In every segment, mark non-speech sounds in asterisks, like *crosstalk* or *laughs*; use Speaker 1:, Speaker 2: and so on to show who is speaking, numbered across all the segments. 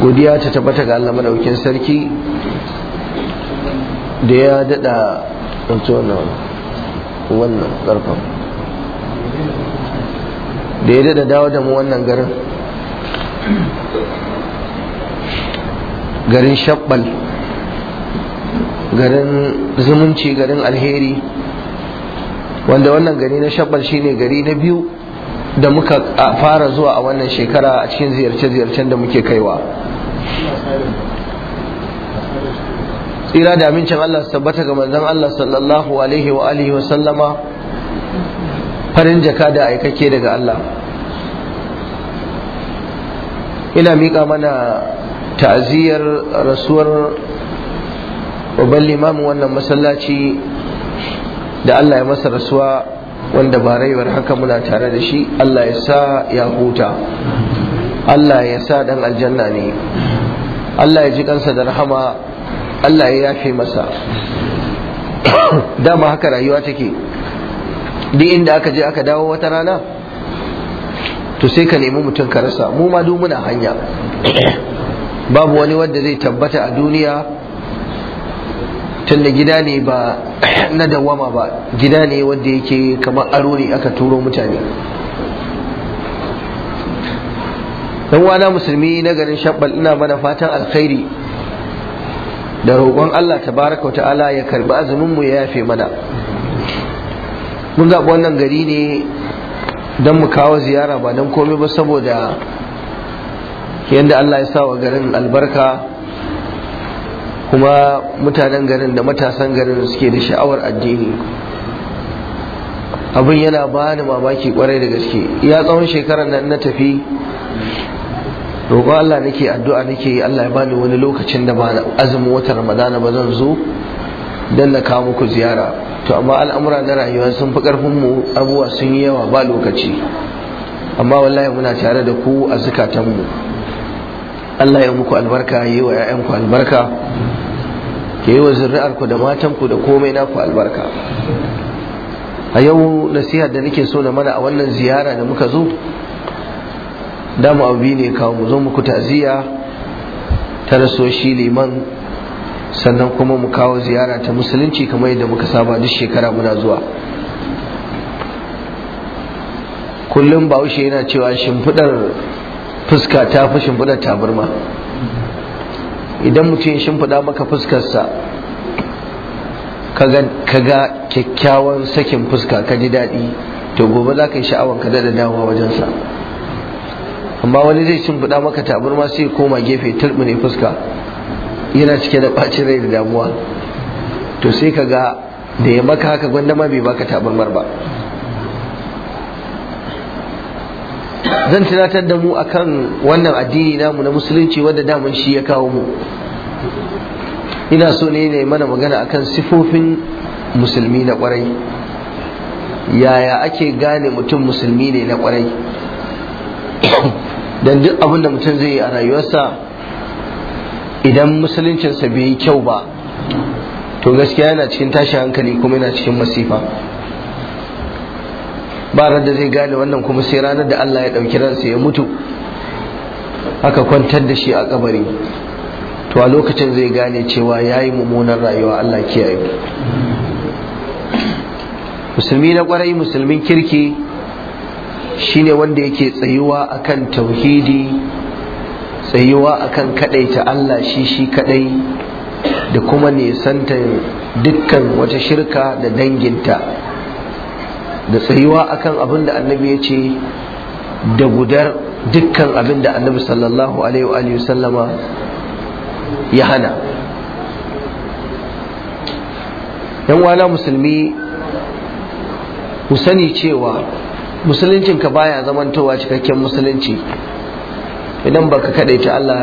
Speaker 1: godiya ta tabbata ga Allah madaukin sarki da ya dada wato wannan wannan karfan da ya dada dawo da mu wannan garin garin shabbal garin zumunci garin alheri wanda wannan gari na shabbal shine gari na biyu da muka fara zuwa a wannan shekara a cikin ziyarce-ziyarcen da muke kaiwa tsira da amincin Allah su tabbata ga manzon Allah sallallahu alaihi wa alihi wa sallama farin jaka da aikake daga Allah ina miƙa mana ta'aziyar rasuwar babban limamin wannan masallaci da Allah ya masa rasuwa wanda ba raiwar haka muna tare da shi Allah ya sa ya huta Allah ya sa dan aljanna ne Allah ya ji kansa da rahama Allah ya yafe masa dama haka rayuwa take duk inda aka je aka dawo wata rana to sai ka nemi mutum ka rasa mu ma duk muna hanya babu wani wanda zai tabbata a duniya tunda gida ne ba na dawama ba gida ne wanda yake kamar aro ne aka turo mutane dan wana musulmi na garin shabbal ina mana fatan alkhairi da roƙon Allah tabaraka wa ta'ala ya karbi azumin mu ya yafe mana mun zaɓi wannan gari ne don mu kawo ziyara ba don komai ba saboda yadda Allah ya sa wa garin albarka kuma mutanen garin da matasan garin suke da sha'awar addini abin yana ba ni mamaki kwarai da gaske ya tsawon shekarar nan na tafi roƙon Allah nake addu'a nake yi Allah ya bani wani lokacin da ba azumin watan Ramadana ba zan zo dan na kawo muku ziyara to amma al'amura na rayuwa sun fi karfin mu abubuwa sun yi yawa ba lokaci amma wallahi muna tare da ku a zukatan mu Allah ya muku albarka yi wa 'ya'yanku albarka ya yi wa zuri'arku da matanku da komai naku albarka a yau nasiha da nake so na mana a wannan ziyara da muka zo da mu abu ne kawo mu zo muku ta'ziya ta rasoshi liman sannan kuma mu kawo ziyara ta musulunci kamar yadda muka saba duk shekara muna zuwa kullum bahaushe yana cewa shimfidar fuska ta fi shimfidar tabarma idan mutum shimfida maka fuskarsa ka ga kyakkyawan sakin fuska ka ji daɗi to gobe za ka yi sha'awar ka da dawowa wajensa amma wani zai cin fuda maka tabarma sai koma gefe ne fuska yana cike da ɓacin rai da damuwa to sai ka ga da ya maka haka gwanda ma bai baka tabarmar ba zan tunatar da mu akan wannan addini namu na musulunci wadda daman shi ya kawo mu ina so ne ne mana magana akan sifofin musulmi na kwarai yaya ake gane mutum musulmi ne na kwarai don duk abin da mutum zai yi a rayuwarsa idan musuluncinsa bai yi kyau ba to gaskiya yana cikin tashin hankali kuma yana cikin masifa ba da zai gane wannan kuma sai ranar da Allah ya ɗauki ransa ya mutu aka kwantar da shi a kabari to a lokacin zai gane cewa ya yi mummunan rayuwa Allah kiyaye musulmi na kwarai musulmin kirki shine wanda yake tsayuwa akan tauhidi tsayuwa akan ta Allah shi shi kadai da kuma nisantan dukkan wata shirka da danginta da tsayuwa akan abin da annabi ya ce da gudar dukkan abin da annabi sallallahu alaihi wa sallama ya hana yan wala musulmi ku sani cewa ka baya zamantowa cikakken musulunci idan baka ta Allah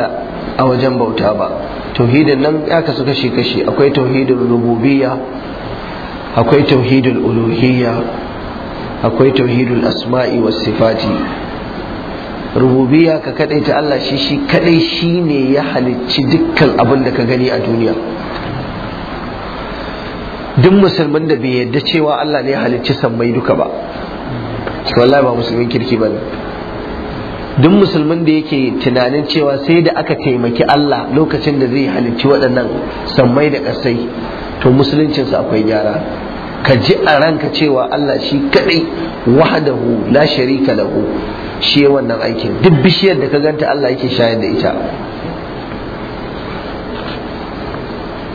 Speaker 1: a wajen bauta ba tauhidin nan ya kasu kashi kashi akwai tauhidin rububiyya akwai tauhidin uluhiyya akwai tauhidin asma'i was sifati rububiyya ka ta Allah shi shi kadai shine ya halicci dukkan abin da ka gani a duniya duk musulman da bai yarda cewa Allah ne ya halicci sammai duka ba wallahi ba musulmin kirki ba ne duk musulmin da yake tunanin cewa sai da aka taimaki Allah lokacin da zai halicci waɗannan sammai da ƙasai to musuluncinsa akwai gyara ka ji a ranka cewa Allah shi kaɗai wahadahu la sharika lahu shi wannan aikin duk bishiyar da ka ganta Allah yake shayar da ita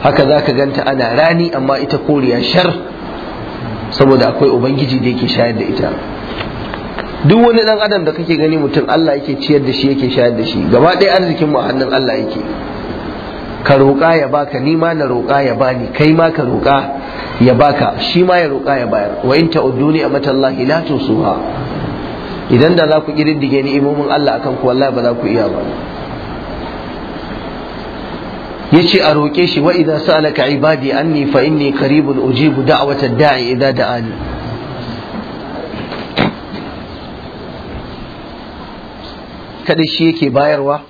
Speaker 1: haka za ka ganta ana rani amma ita koriya shar saboda akwai ubangiji da yake shayar da ita duk wani dan adam da kake gani mutum Allah yake ciyar da shi yake shayar da shi gaba ɗaya arzikin mu a hannun Allah yake ka roƙa ya baka ni ma na roƙa ya bani kai ma ka roƙa ya baka shi ma ya roƙa ya bayar wa in ta'uduni amatallahi la tusuha idan da za ku kididdige ni imomin Allah akan ku wallahi ba za ku iya ba yace a roƙe shi wa idza sa'alaka ibadi anni fa inni qaribun ujibu da'watad da'i idza da'ani kada shi yake bayarwa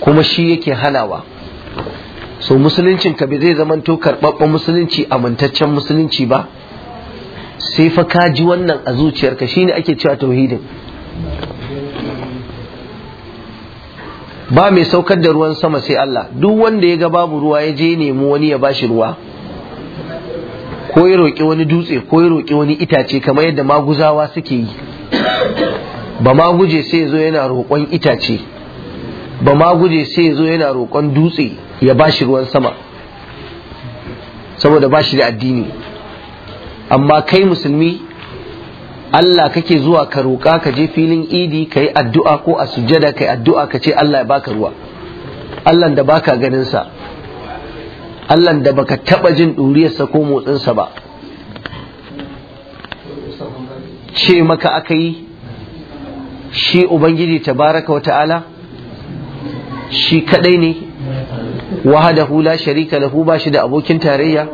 Speaker 1: kuma shi yake hanawa so musuluncin ka zai zamanto karɓaɓɓen musulunci amintaccen musulunci ba sai fa ka ji wannan a zuciyarka shine ake cewa tauhidin ba mai saukar da ruwan sama sai Allah duk wanda ya ga babu ruwa ya je nemi wani ya bashi ruwa ko ya roƙi wani dutse ko ya roƙi wani itace kamar yadda maguzawa suke yi ba ma guje sai zo yana roƙon itace ba ma guje sai zo yana roƙon dutse ya ba shi ruwan sama saboda ba shi da addini amma kai musulmi Allah kake zuwa ka roƙa ka je filin idi ka yi addu'a ko a sujada ka yi addu'a ka ce Allah ya baka ruwa Allah da baka ganinsa Allah da baka taɓa jin ɗuriyarsa ko motsinsa ba ce maka aka yi shi ubangiji tabaraka wa ta'ala shi kadai ne wahadahu hula sharika lahu ba shi da abokin tarayya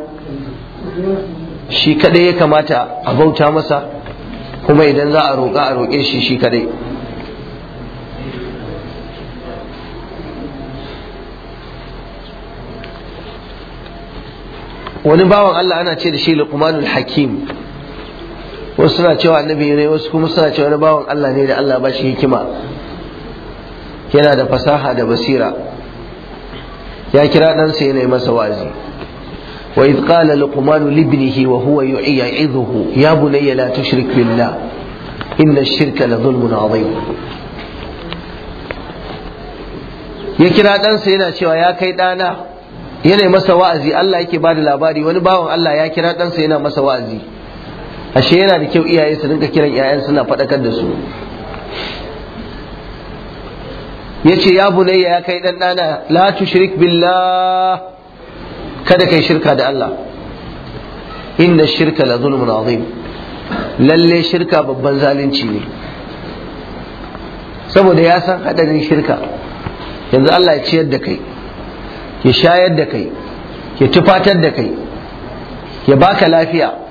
Speaker 1: shi kaɗai ya kamata a bauta masa kuma idan za a roƙa a roƙe shi shi kadai wani bawan Allah ana ce da shi luqmanul hakim wasu suna cewa annabi ne wasu kuma suna cewa na bawan Allah ne da Allah ba shi hikima yana da fasaha da basira ya kira ɗansa yana yi masa wa'azi. wa idh qala luqman li ibnihi wa huwa yu'idhuhu ya bunayya la tushrik billah inna ash-shirka la dhulmun ya kira ɗansa yana cewa ya kai ɗana yana masa wa'azi Allah yake bada labari wani bawan Allah ya kira ɗansa yana masa wa'azi ashe yana da kyau iyaye su rinka kiran 'ya'yan suna faɗakar da su yace ya bunayya ya kai dan dana la billah kada kai shirka da Allah inna shirka la zulmun azim lalle shirka babban zalunci ne saboda ya san haɗarin shirka yanzu Allah ya ciyar da kai ya shayar da kai ya tufatar da kai ya baka lafiya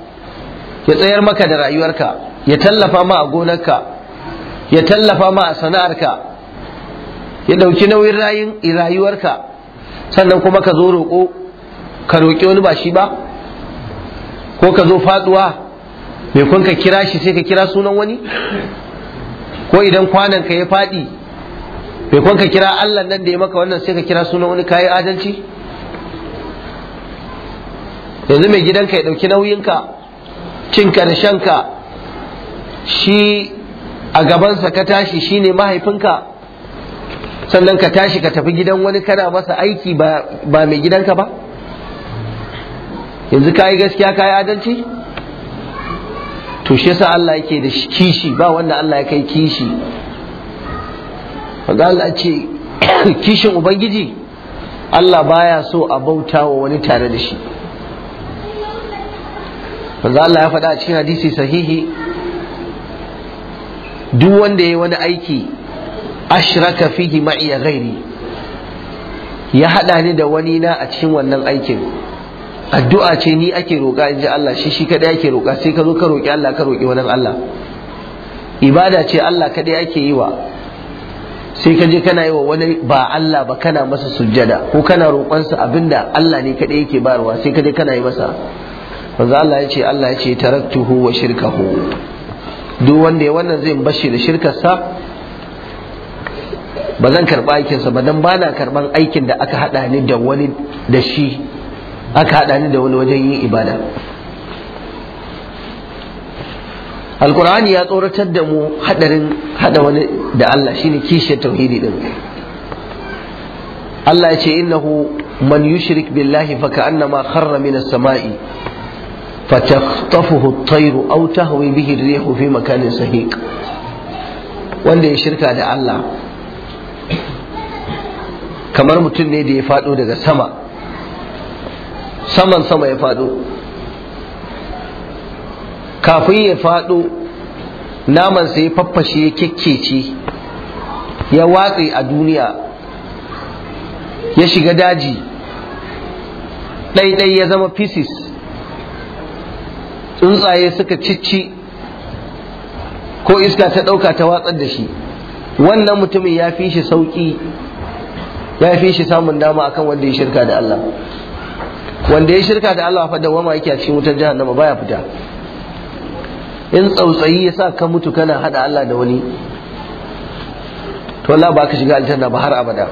Speaker 1: ya tsayar maka da rayuwarka ya tallafa ma a gonarka ya tallafa ma a sana'arka ya ɗauki nauyin rayin rayuwarka sannan kuma ka zo roƙo ka roƙi wani ba shi ba ko ka zo faɗuwa mai kun ka kira shi sai ka kira sunan wani ko idan kwanan ka ya faɗi mai kun ka kira Allah nan da ya maka wannan sai ka kira sunan wani kayi adalci yanzu mai gidanka ya ɗauki nauyinka cin karshenka shi a gabansa ka tashi shi ne mahaifinka sannan ka tashi ka tafi gidan wani kana masa aiki ba mai gidanka ba yanzu ka yi gaskiya ka yi adalci to shi yasa Allah yake da kishi ba wanda Allah ya kai kishi ga Allah ce *coughs* kishin ubangiji Allah baya so a bauta wa wani tare da shi manzo Allah ya faɗa a cikin hadisi sahihi duk wanda ya yi wani aiki ashraka fihi ma'iya ghairi ya haɗa ni da wani na a cikin wannan aikin addu'a ce ni ake roƙa in ji Allah shi shi kaɗai ake roƙa sai ka zo ka roƙi Allah ka roƙi wani Allah ibada ce Allah kaɗai ake yi wa sai ka je kana yi wa wani ba Allah ba kana masa sujjada ko kana roƙonsa abinda Allah ne kaɗai yake barwa sai ka je kana yi masa manzo Allah ya ce Allah ya ce taraktuhu wa shirkahu duk wanda ya wannan zai bashi da shirkarsa ba zan karɓa aikinsa ba dan bana karɓar aikin da aka haɗa ni da wani da shi aka haɗa ni da wani wajen yin ibada alkur'ani ya tsoratar da mu haɗarin haɗa wani da Allah shine kishiyar tauhidi ɗin. Allah ya ce innahu man yushrik billahi fa ka'annama kharra minas sama'i فتخطفه الطير أو تهوي به الريح في مكان سهيق wanda ya shirka da Allah kamar mutum ne da ya faɗo daga sama saman sama ya faɗo kafin ya faɗo namansa ya faffashe ya kyakkece ya watse a duniya ya shiga daji ɗaiɗai ya zama pieces tsuntsaye suka cicci ko iska ta ɗauka ta watsar da shi wannan mutumin ya fi shi sauƙi ya fi shi samun dama akan wanda ya shirka da Allah wanda ya shirka da Allah fa dawama yake a cikin wutar jahannama baya fita in tsautsayi ya sa ka mutu kana hada Allah da wani to Allah ba ka shiga aljanna ba har abada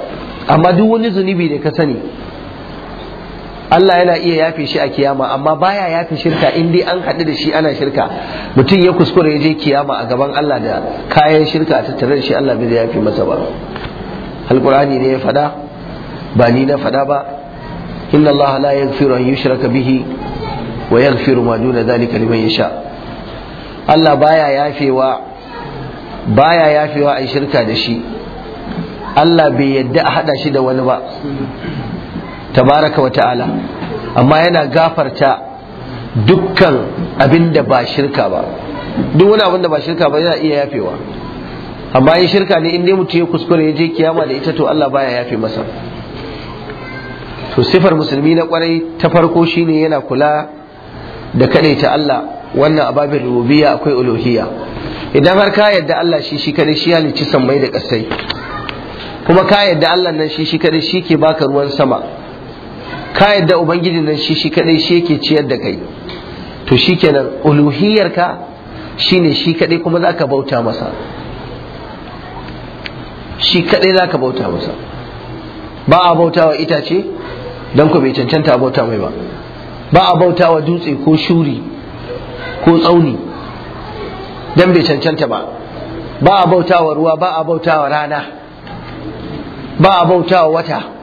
Speaker 1: amma duk wani zunubi da ka sani Allah yana iya yafe shi a kiyama amma baya yafe shirka in dai an haɗu da shi ana shirka mutum ya kuskure ya je kiyama a gaban Allah da kayan shirka a tattare da shi Allah bai yafe masa ba alqur'ani ne ya faɗa ba ni na faɗa ba inna Allah la yaghfiru an yushraka bihi wa yaghfiru ma duna dhalika liman yasha Allah baya yafewa baya yafewa a shirka da shi Allah bai yadda a haɗa shi da wani ba tabaraka wa ta'ala amma yana gafarta dukkan abin da ba shirka ba duk wani abin da ba shirka ba yana iya yafewa amma in shirka ne in dai mutum ya kuskure ya je kiyama da ita to Allah baya yafe masa to sifar musulmi na kwarai ta farko shine yana kula da ta Allah wannan ababin rububiyya akwai uluhiyya idan har ka yadda Allah shi shi kadai shi halicci sammai da kasai kuma ka yadda Allah nan shi shi kadai shi ke baka ruwan sama ka yadda ubangiji nan shi shi kadai shi yake ciyar da kai to shikenan uluhiyar ka shine shi kadai kuma zaka bauta masa shi kadai zaka bauta masa ba a bauta wa itace don ku bai cancanta a bauta mai ba ba a bauta wa dutse ko shuri ko tsauni don bai cancanta ba ba a bauta wa ruwa ba a bauta wa rana ba a bauta wa wata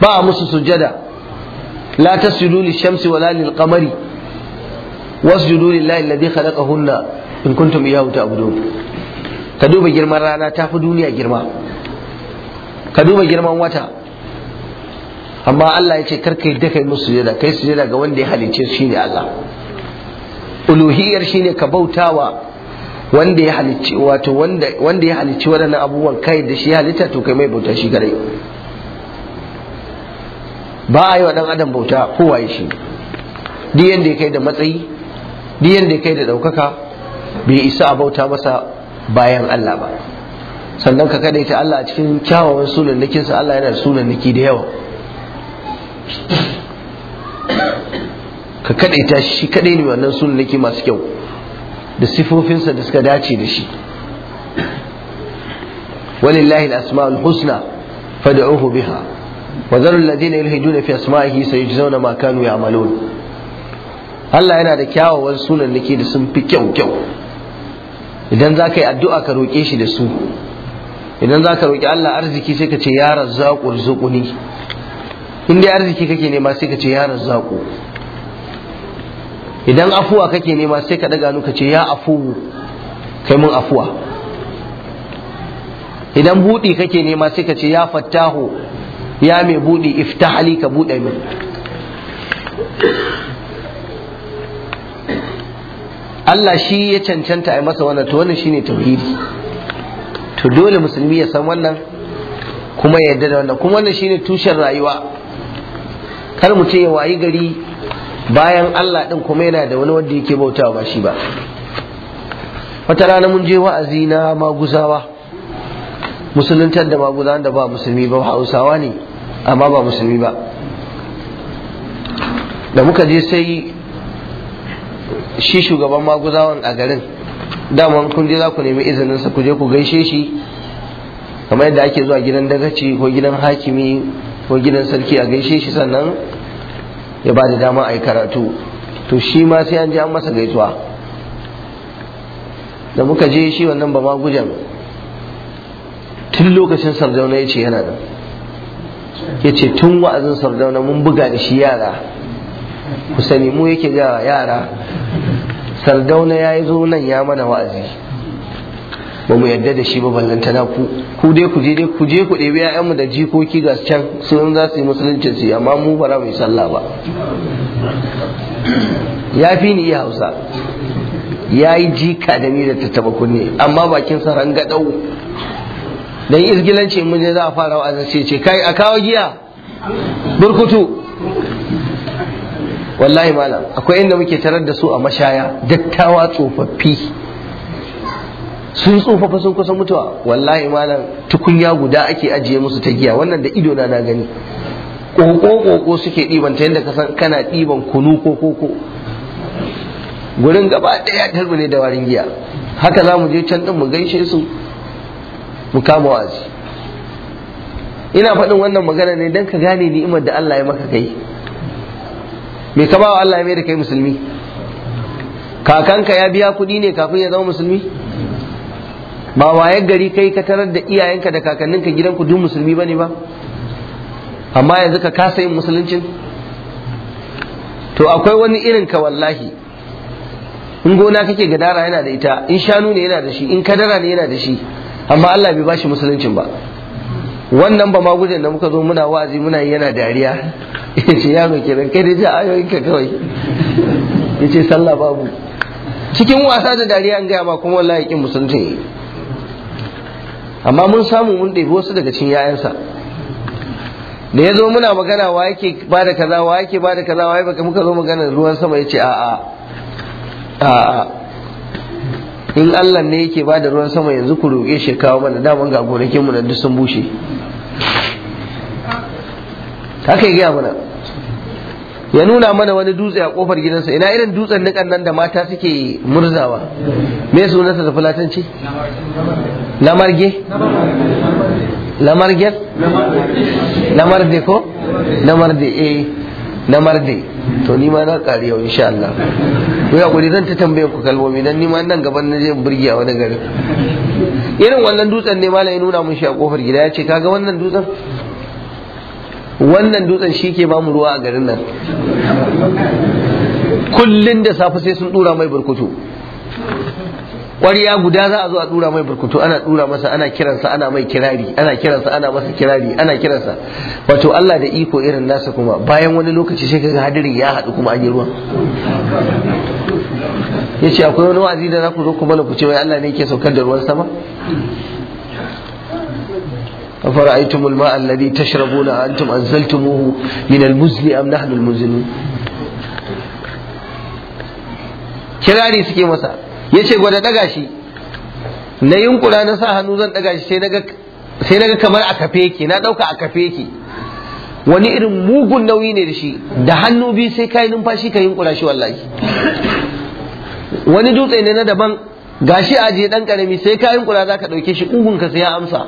Speaker 1: ba a musu sujada la tasjudu lishamsi wala lilqamari wasjudu lillahi alladhi khalaqahunna in kuntum iyyahu ta'budun ka duba girman rana ta fi duniya girma ka duba girman wata amma Allah ya ce karka yadda kai musu sujada kai sujada ga wanda ya halice shi ne Allah uluhiyar shi ne ka bautawa wanda ya halicci wato wanda ya halicci waɗannan abubuwan kai da shi halitta to kai mai bauta shi gare ba a yi wa ɗan adam bauta kowa ya shi duk yadda ya kai da matsayi duk yadda ya kai da ɗaukaka bai isa a bauta masa bayan Allah ba sannan ka kadaita Allah a cikin kyawawan sunan sunannikinsa Allah yana da niki da yawa ka kadaita shi kadai ne wannan sunanniki masu kyau da sifofinsa da suka dace da shi walillahi al-asma'ul husna fad'uhu biha wazarul ladina yulhiduna fi asma'ihi sayujzauna ma kanu ya'malun Allah yana da kyawawan sunan nake da sun fi kyau kyau idan za ka yi addu'a ka roƙe shi da su idan za ka roƙi Allah arziki sai ka ce ya razzaƙu rizquni in dai arziki kake nema sai ka ce ya razzaƙu idan afuwa kake nema sai ka daga ka ce ya afuwu kai mun afuwa idan buɗi kake nema sai ka ce ya fattahu ya mai buɗe ifta hali ka buɗe min Allah shi ya cancanta a masa wannan to wannan shine tauhidi to dole musulmi ya san wannan kuma ya yarda da wannan kuma wannan shine tushen rayuwa kar mu ce ya wayi gari bayan Allah din kuma yana da wani wanda yake bautawa ba shi ba wata rana mun je wa'azi na maguzawa musuluntar da Maguzawa da ba musulmi ba hausawa ne amma ba musulmi ba da muka je sai shi shugaban maguzawan a garin daman kun je za ku nemi izininsa ku je ku gaishe shi kamar yadda ake zuwa gidan dagaci ko gidan hakimi ko gidan sarki a gaishe shi sannan ya ba da dama a yi karatu to shi ma sai an je an masa gaisuwa da muka je shi wannan ba magujan tun lokacin sardauna ya ce yana nan ya ce tun wa'azin sardauna mun buga da shi yara ku sani mu yake ga yara sardauna ya yi zo nan ya mana wa'azi ba mu yadda da shi ba ballantana ku ku dai ku je ku je ku ɗebi ƴaƴanmu da jikoki ga can su za su yi musulunci su amma mu ba za mu sallah ba ya fi ni iya hausa ya yi jika da ni da tattaba kunne amma bakin sa rangadau dan izgilanci mun je za a fara wa'azin sai ce kai a kawo giya burkutu wallahi malam akwai inda muke tarar da su a mashaya dattawa tsofaffi sun tsofaffa sun kusa mutuwa wallahi malam tukunya guda ake ajiye musu ta giya wannan da ido na na gani ƙoƙo-ƙoƙo suke ɗiban ta yadda kasan kana ɗiban kunu ko koko gurin gaba ɗaya tarbi ne da warin giya haka za mu je can ɗin mu gaishe su mu kama ina faɗin wannan magana ne don ka gane ni'imar da Allah ya maka kai me ka ba wa Allah ya mai da kai musulmi kakanka ya biya kuɗi ne kafin ya zama musulmi ba waye gari kai ka tarar da iyayenka da kakanninka gidanku duk musulmi ne ba amma yanzu ka kasa yin musuluncin to akwai wani irin ka wallahi in gona kake gadara yana da ita in shanu ne yana da shi in kadara ne yana da shi amma Allah bai bashi musuluncin ba wannan ba magudan da muka zo muna wazi muna yi yana dariya *laughs* ya ce yaro kenan kai da ji ayoyin ka kawai *laughs* ya ce sallah babu cikin wasa da dariya an gaya ma kuma wallahi kin musulunci amma mun samu mun ɗebi wasu daga cikin yayansa da ya zo muna magana wa yake ba da kaza wa yake ba da kaza wa yake muka zo magana ruwan sama ya ce a'a a'a in Allah ne yake ba da ruwan sama yanzu ku roƙe shi kawo mana daman ga gonakin mu duk sun bushe haka ya mana ya nuna mana wani dutse a kofar gidansa ina irin dutsen nikan nan da mata suke murzawa me sunansa da fulatanci lamarge lamarge lamarge ko lamarge eh na marde to ni ma na ƙari yau insha Allah ku ya kuri zan ta tambaye ku kalmomi dan ni ma nan gaban na je burgiya wani gari irin wannan dutsen ne malai nuna mun shi a kofar gida ya ce kaga wannan dutsen wannan dutsen shi ke ba ruwa a garin nan kullun da safe sai sun dura mai burkutu ƙwarya guda za a zo a dura mai burkutu ana dura masa ana kiransa ana mai kirari ana kiransa ana masa kirari ana kiransa wato Allah da iko irin nasa kuma bayan wani lokaci sai kaga hadirin ya haɗu kuma an yi ruwa? ya ce akwai wani wa'azi da za ku zo kuma ku ce wai Allah ne ke saukar da ruwan sama أفرأيتم الماء الذي تشربون أنتم أنزلتموه من am أم نحن المزلون kirari suke masa ya ce gwada daga shi na yunkura na sa hannu zan daga shi sai naga kamar a kafe yake na dauka a kafe yake wani irin mugun nauyi ne da shi da hannu biyu sai kai numfashi ka yunkura shi wallahi wani dutse ne na daban gashi aje dan karami sai ka yunkura ka dauke shi ugun ka sai ya amsa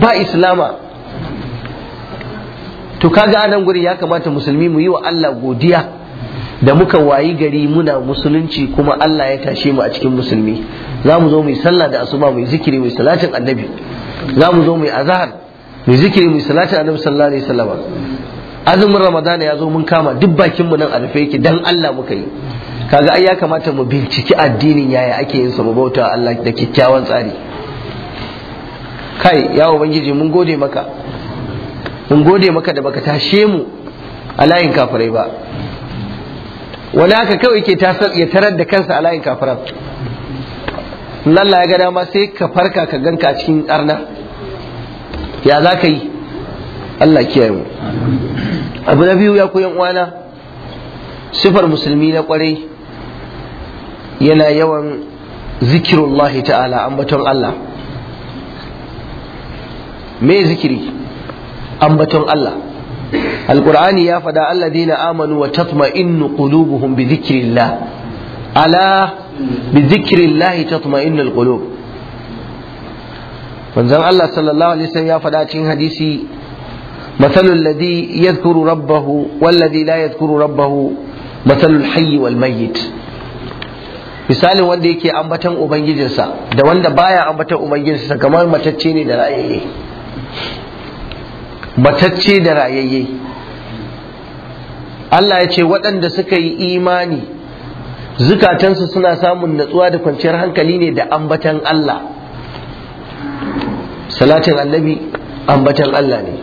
Speaker 1: ba islama to kaga anan guri ya kamata musulmi mu yi wa Allah godiya da muka wayi gari muna musulunci kuma Allah ya tashe mu a cikin musulmi za mu zo mu yi sallah da asuba mu yi zikiri mu yi salatin annabi za mu zo mu yi azhar mu yi zikiri mu yi salatin annabi sallallahu alaihi wasallam azumin ramadana ya zo mun kama duk bakin mu nan a rufe yake dan Allah muka yi kaga ai ya kamata mu binciki addinin yaya ake yin sa bauta Allah da kyakkyawan tsari kai ya ubangiji mun gode maka mun gode maka da baka tashe mu a layin kafirai ba wani haka kawai ke ya tarar da kansa a layin kafiran lalla ya ga dama sai ka farka ka ganka a cikin arna ya za ka yi Allah kiyaye mu abu na biyu ya koyan uwana sifar musulmi na kwarai yana yawan zikirullahi ta'ala ambaton Allah me zikiri ambaton Allah alqur'ani ya fada alladina amanu wa tatma'innu qulubuhum bi dhikrillah ala bi dhikrillah tatma'innu manzon Allah sallallahu alaihi wasallam ya fada cikin hadisi مثل الذي يذكر ربه والذي لا يذكر ربه مثل الحي والميت misalin wanda yake ambatan ubangijinsa da wanda baya ambatan ubangijinsa kamar matacce ne da ra'ayi batacce da rayayye Allah ya ce waɗanda suka yi imani zukatansu suna samun natsuwa da kwanciyar hankali ne da ambatan Allah salatin annabi ambatan Allah ne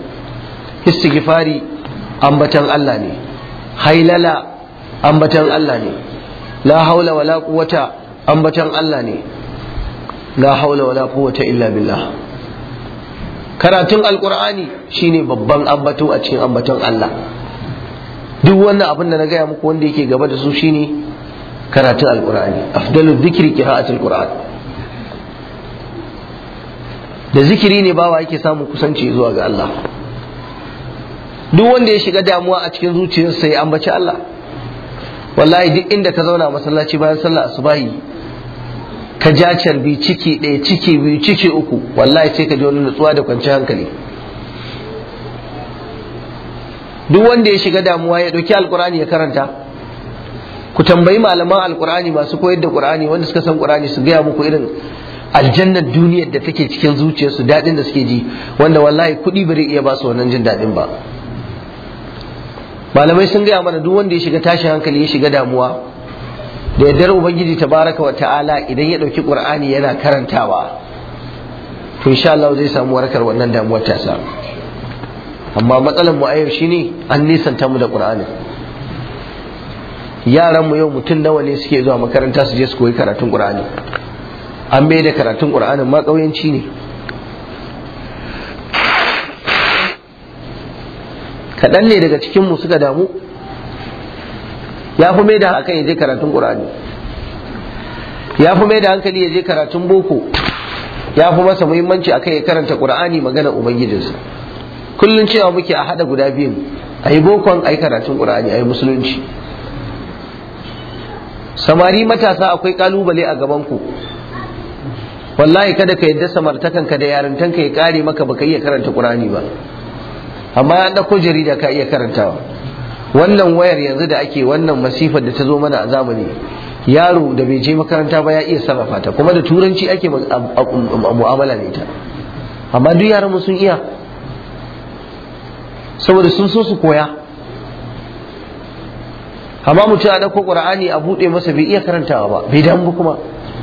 Speaker 1: istighfari ambatan Allah ne hailala ambatan Allah ne la haula wala quwwata ambatan Allah ne la haula wala quwwata illa billah karatun alkur'ani shine babban ambato a cikin ambaton Allah duk wannan abin da na gaya muku wanda yake gaba da su shine karatun alkur'ani afdalu dhikri qira'atul qur'an da zikiri ne bawa yake samun kusanci zuwa ga Allah duk wanda ya shiga damuwa a cikin zuciyarsa ya ambaci Allah wallahi duk inda ka zauna masallaci bayan sallah asubahi ka ja carbi ciki ɗaya ciki biyu ciki uku wallahi sai ka ji wani nutsuwa da kwanci hankali duk wanda ya shiga damuwa ya ɗauki alkur'ani ya karanta ku tambayi malaman Alƙur'ani masu koyar da Ƙur'ani wanda suka san Ƙur'ani su gaya muku irin aljannar duniyar da take cikin zuciyarsu daɗin da suke ji wanda wallahi kuɗi bari iya ba su wannan jin daɗin ba malamai sun gaya mana duk wanda ya shiga tashin hankali ya shiga damuwa da yaddar ubangiji ta baraka wa ta'ala idan ya ɗauki ƙur'ani yana karantawa to insha Allah zai samu warkar wannan damuwar ta sa amma matsalar mu ayyau shine an nisanta mu da ƙur'ani yaran mu yau mutum nawa ne suke zuwa makaranta su je su koyi karatun ƙur'ani an bai da karatun ƙur'ani ma kauyanci ne kaɗan ne daga cikin mu suka damu ya fi mai da hankali ya je karatun qur'ani ya fi mai da hankali ya je karatun boko ya fi masa muhimmanci akan ya karanta qur'ani magana ubangijinsa kullum cewa muke a hada guda biyun a yi bokon a yi karatun qur'ani a yi musulunci samari matasa akwai kalubale a gabanku wallahi kada ka yadda samartakanka da yarintanka ya kare maka baka iya karanta kur'ani ba amma ya ɗauko jarida ka iya karantawa wannan wayar yanzu da ake wannan masifar da ta zo mana a zamani yaro da bai je makaranta ba ya iya sarrafa ta kuma da turanci ake mu'amala da ita amma duk yaran mu sun iya saboda sun so su koya amma mutum a ɗauko ƙur'ani a buɗe masa bai iya karantawa ba bai damu kuma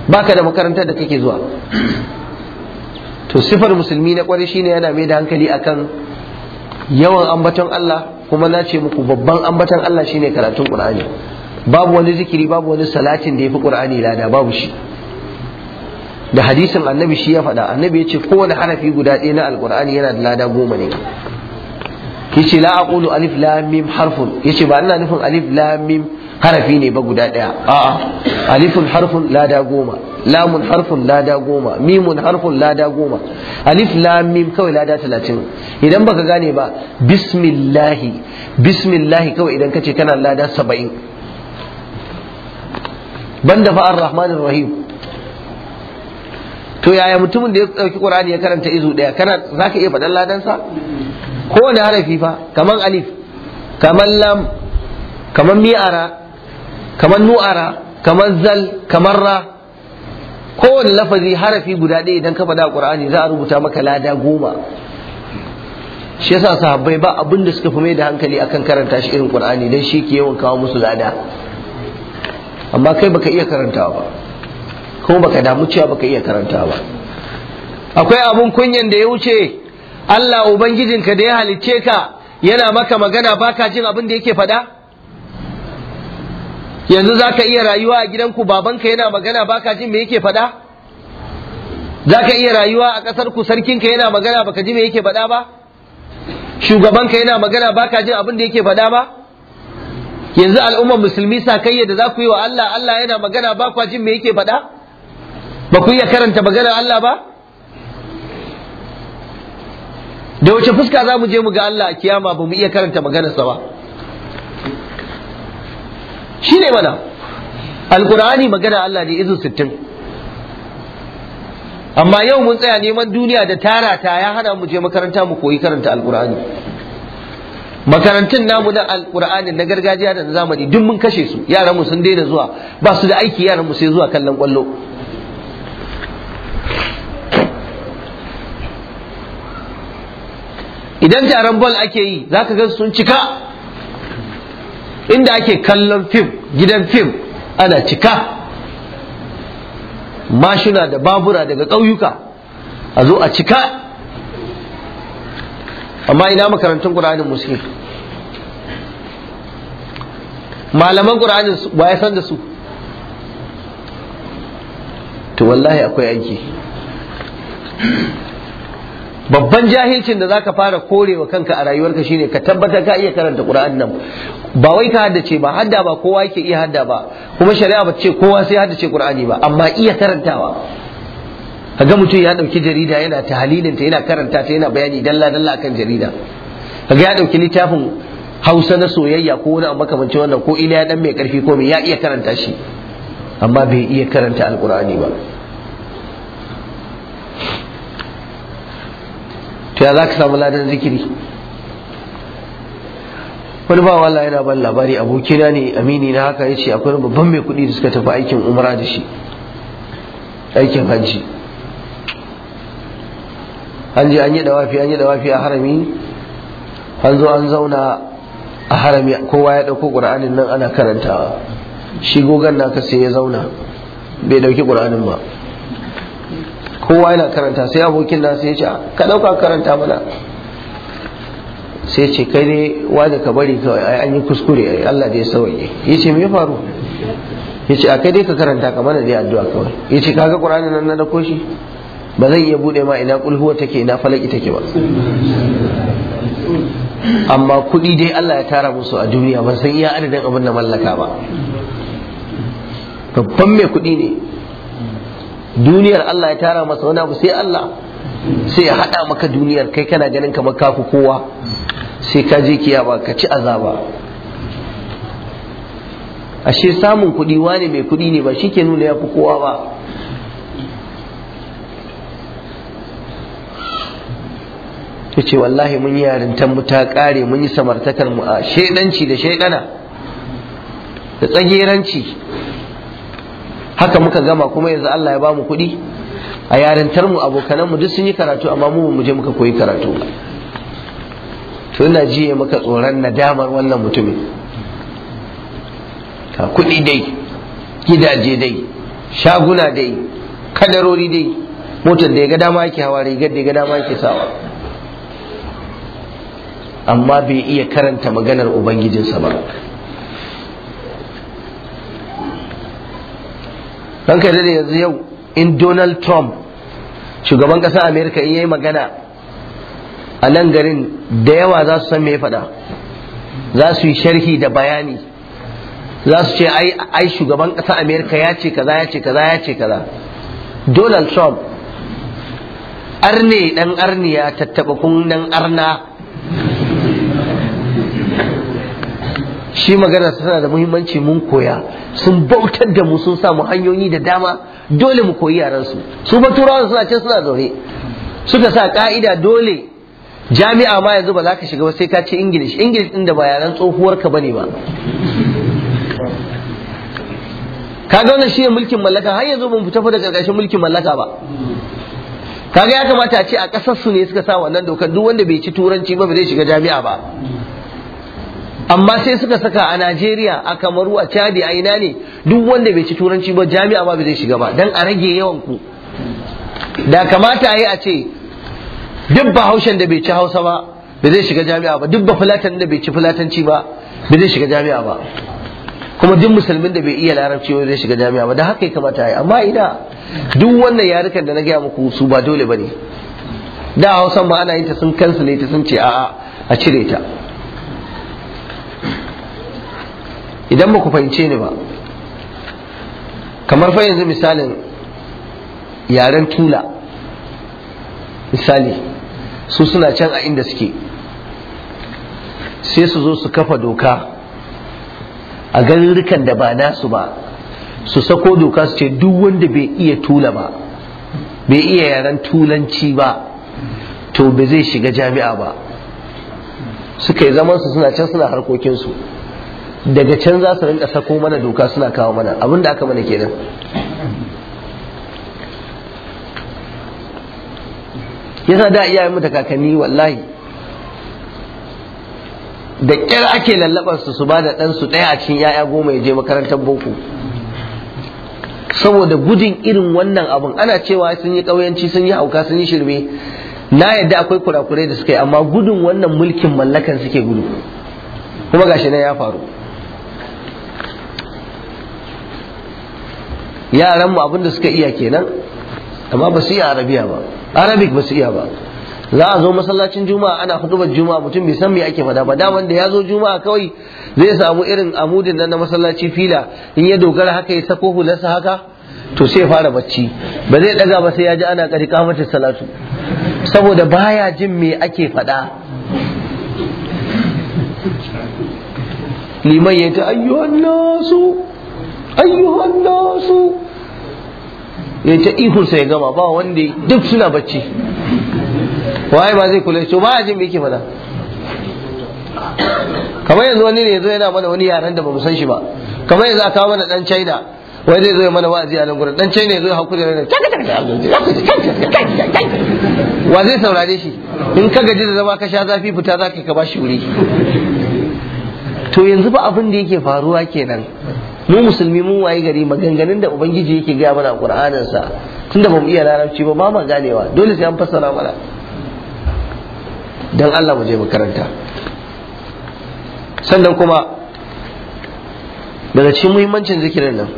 Speaker 1: baka da makarantar da kake zuwa to sifar musulmi na ƙwarai shine yana mai da hankali akan yawan ambaton Allah kuma na ce muku babban ambatan Allah shi ne karatun Qur'ani babu wani zikiri babu wani salatin da yafi Qur'ani lada babu shi da hadisin annabi shi ya faɗa annabi ya ce kowane harafi guda ɗaya na alƙur'ani yana da lada goma ne yace la aqulu alif lam mim harfun yace ba ina nufin alif lam mim harafi ne ba guda daya a'a alifun harfun lada goma lamun harfun lada goma mimun harfun lada goma alif lam mim kawai lada talatin idan baka gane ba bismillahi bismillahi kawai idan kace kana lada saba'in banda fa ar-rahmanir rahim to yaya mutumin da ya dauki qur'ani ya karanta izu daya kana zaka iya faɗan ladansa kowane harafi fa kaman alif kaman lam kaman mi'ara kaman nu'ara kaman zal kamar ra kowane lafazi harafi guda ɗaya idan ka faɗa ƙur'ani za a rubuta maka lada goma shi yasa sahabbai ba abin da suka fi da hankali akan karanta shi irin ƙur'ani dan shi ke yawan kawo musu lada amma kai baka iya karantawa ba kuma baka damu cewa baka iya karanta ba akwai abun kunyan da ya wuce Allah Ubangijinka da ya halicce ka yana maka magana baka jin abin da yake faɗa?
Speaker 2: Yanzu za ka iya
Speaker 1: rayuwa a gidanku babanka yana magana baka jin me yake faɗa? Za ka iya rayuwa a ƙasarku sarkinka yana magana baka ji me yake faɗa ba? Shugabanka yana magana baka jin abin da yake faɗa ba? Yanzu al'ummar musulmi sakayya da za ku yi wa Allah, Allah yana magana ba kwa jin me yake faɗa? Ba ku iya karanta maganar Allah ba? da wace fuska za mu je mu ga Allah a kiyama ba mu iya karanta maganarsa ba shi ne mana alkur'ani magana Allah ne izu sittin amma yau mun tsaya neman duniya da tara ta ya hana mu je makaranta mu koyi karanta alkur'ani makarantun namu na alkur'ani na gargajiya da na zamani duk mun kashe su yaran mu sun daina zuwa ba su da aiki yaran mu sai zuwa kallon kwallo idan taron ball ake yi za ka sun cika inda ake kallon fim gidan fim ana cika mashina da babura daga ƙauyuka a zo a cika amma ina makarantun ƙur'anin musulmi malaman ƙur'anin ba ya san da su to wallahi akwai aiki babban jahilcin da zaka fara korewa kanka a rayuwarka shine ka tabbata ka iya karanta Qur'an nan ba wai ka haddace ba hadda ba kowa yake iya hadda ba kuma shari'a ba ce kowa sai haddace Qur'ani ba amma iya karantawa kaga mutum ya dauki jarida yana tahalilin ta yana karanta ta yana bayani dalla dalla akan jarida kaga ya dauki littafin Hausa na soyayya ko wani makamancin wannan ko ila ya dan mai karfi ko me ya iya karanta shi amma bai iya karanta alqur'ani ba to ya za ka samu ladan zikiri wani ba wallahi yana ban labari abokina ne amini na haka ya ce akwai babban mai kuɗi da suka tafi aikin umra da shi aikin hajji an je an yi dawafi an yi dawafi a harami an zo an zauna a harami kowa ya ɗauko ƙur'anin nan ana karantawa shi gogon na sai ya zauna bai ɗauki ƙur'anin ba kowa yana karanta sai abokin na sai ce ah, ka dauka karanta mana sai ce kai ne ka bari kawai an yi kuskure Allah da ya sauye yace me ya faru yace a ah, kai dai ka karanta ka mana dai addu'a kawai yace kaga Qur'ani nan na dako shi ba zan iya bude ma ina kul take ina falaki take ba amma kuɗi dai Allah ya tara musu a duniya ban san iya adadin abin da mallaka ba babban mai kuɗi ne duniyar Allah ya tara masa wani abu sai Allah sai ya haɗa maka duniyar kai kana ganin kamar kafi kowa sai ka je kiyama ka ci azaba ashe samun kuɗi wane mai kuɗi ne ba shi ke nuna ya fi kowa ba ta ce wallahi mun yi yarintar mu ta ƙare mun yi samartakar mu a shaidanci da shaidana da tsageranci haka muka gama kuma yanzu Allah ya ba mu kuɗi a yarintar mu abokanan mu duk sun yi karatu amma mu mu je muka koyi karatu to ina ya maka tsoron nadamar wannan mutumin ka kuɗi dai gidaje dai shaguna dai kadarori dai motar da ya ga dama yake hawa rigar da ya ga dama yake sawa amma bai iya karanta maganar ubangijinsa ba don kai da yanzu yau in donald trump shugaban ƙasar amerika in yi magana a nan garin da yawa za su san me faɗa za su yi sharhi da bayani za su ce ai shugaban kasa amerika ya ce kaza ya ce kaza ya ce kaza donald trump arne dan arniya tattaba kun arna shi magana tana da muhimmanci mun koya sun bautar da mu sun samu hanyoyi da dama dole mu koyi yaran su su ba turawan suna can suna zaune suka sa ka'ida dole jami'a ma yanzu ba za ka shiga ba sai ka ce english english din da ba yaran tsohuwar ka bane ba kaga wannan shi mulkin mallaka har yanzu ban fita fa da karkashin mulkin mallaka ba kaga ya kamata a ce a kasar su ne suka sa wannan dokar duk wanda bai ci turanci ba ba zai shiga jami'a ba amma sai suka saka a Najeriya a Kamaru a Chadi a ina ne duk wanda bai ci turanci ba jami'a ba zai shiga ba dan a rage yawan ku da kamata a yi a ce duk bahaushen da bai ci Hausa ba bai zai shiga jami'a ba duk fulatan da bai ci fulatanci ba bai zai shiga jami'a ba kuma duk musulmin da bai iya larabci wani zai shiga jami'a ba da haka ya kamata a yi amma ina duk wannan yarukan da na gaya muku su ba dole ba ne da hausan ma ana yin ta sun kansu ne ta sun ce a'a a cire ta idan ba ku fahimce ni ba kamar fa yanzu misalin yaren tula misali su suna can a inda suke sai su zo su kafa doka a garurrukan da ba nasu ba su sako doka su ce duk wanda bai iya tula ba bai iya yaren tulanci ba to bai zai shiga jami'a ba suka yi zamansu suna can suna harkokinsu daga can za su rinka sako mana doka suna kawo mana abin da aka mana kenan yasa da iyayen da kakanni wallahi da kyar ake lallaban su su ba da ɗansu ɗaya a cikin yaya goma ya je makarantar boko saboda gudun irin wannan abin ana cewa sun yi ƙauyanci sun yi hauka sun yi shirme na yadda akwai kurakurai da suka yi amma gudun wannan mulkin mallakan suke gudu kuma gashi na ya faru yaranmu abinda suka iya kenan amma ba su iya arabiya ba arabic ba su iya ba za a zo masallacin juma'a ana ba juma'a mutum bai san me ake fada ba daman da ya zo juma'a kawai zai samu irin amudin nan na masallaci fila in ya dogara haka ya sako hularsa haka to sai fara bacci ba zai daga ba sai ya ji ana kari kamatar salatu saboda baya jin me ake fada liman ya ta ayyuhan
Speaker 2: nasu ayyuhan nasu
Speaker 1: ya ta ihunsa ya gama ba wanda duk suna bacci waye ba zai kula shi ba a jin me yake faɗa kamar yanzu wani ne yazo yana mana wani yaren da ba mu san shi ba kamar yanzu aka mana dan China wai zai zo ya mana wa'azi a nan gurin dan China yazo ya hakuri ne wa zai saurare shi in ka gaji da zama ka sha zafi fita zaka ka ba shi wuri to yanzu ba abin da yake faruwa kenan mu musulmi mun waye gari maganganun da ubangiji yake gaya mana a qur'anin sa tunda mu iya larabci ba ba mu ganewa dole sai an fassara mana dan Allah mu je makaranta sannan kuma daga cikin muhimmancin zikirin nan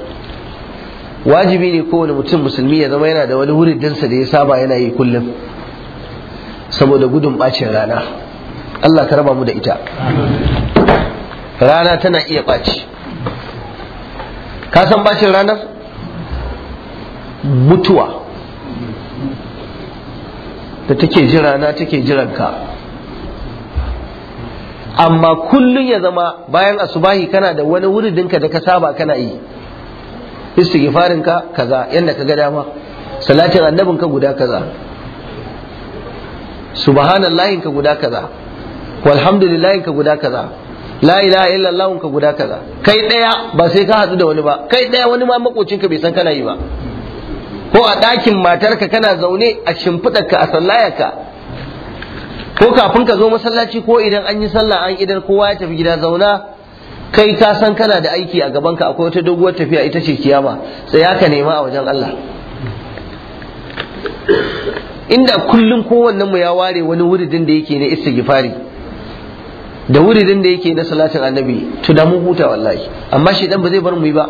Speaker 1: wajibi ne kowane mutum musulmi ya zama yana da wani sa da ya saba yana yi kullum saboda gudun bacin rana Allah ka raba mu da ita rana tana iya baci ka san bacin ranar mutuwa da take jira na take jiranka amma kullum ya zama bayan asubahi kana da wani wuridinka da ka saba kana yi istighfarinka kaza yadda ka ga dama salatin annabinka guda kaza subhanallahinka guda kaza walhamdulillahinka guda kaza la ilaha illallah ka guda kaza kai daya ba sai ka hadu da wani ba kai daya wani ma makocin ka bai san kana yi ba ko a ɗakin matarka kana zaune a ka a sallayarka ko kafin ka zo masallaci ko idan an yi sallah an idan kowa ya tafi gida zauna kai ka san kana da aiki a gaban ka akwai wata doguwar tafiya ita ce kiyama sai ka nema a wajen Allah inda kullum kowannen mu ya ware wani wuridin da yake na istighfari da wuridin da yake na salatin annabi to da mu huta wallahi amma shi dan ba zai bar mu yi ba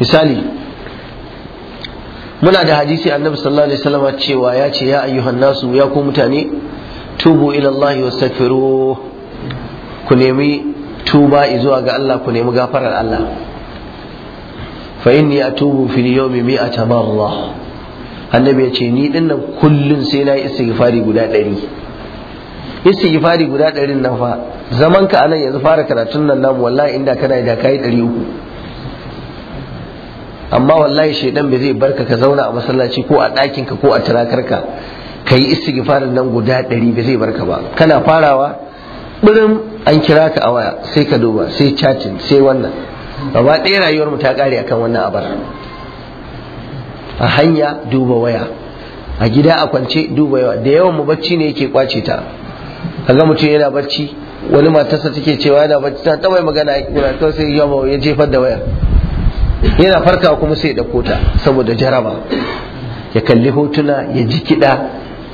Speaker 1: misali muna da hadisi annabi sallallahu alaihi wasallam cewa ya ce ya ayyuhan nasu ya ku mutane tubu ila Allah wastaghfiru ku nemi tuba zuwa ga Allah ku nemi gafarar Allah fa inni atubu fil yawmi mi'ata marra annabi ya ce ni dinnan kullun sai na yi istighfari guda ɗari istighfari guda ɗarin nan fa zaman ka anan yanzu fara karatun nan namu wallahi inda kana da kai ɗari uku amma wallahi shaidan bai zai barka ka zauna a masallaci ko a ɗakin ka ko a turakarka ka yi istighfarin nan guda ɗari bai zai barka ba kana farawa birin an kira ka a waya sai ka duba sai chatin sai wannan gaba ɗaya rayuwar mu ta ƙare akan wannan abar a hanya duba waya a gida a kwance duba yawa da yawan mu bacci ne yake kwace ta kaga mutum yana barci wani matarsa take cewa yana barci ta taba magana ya kira to sai ya jefar da wayar yana farka kuma sai ya dauko ta saboda jaraba ya kalli hotuna ya ji kiɗa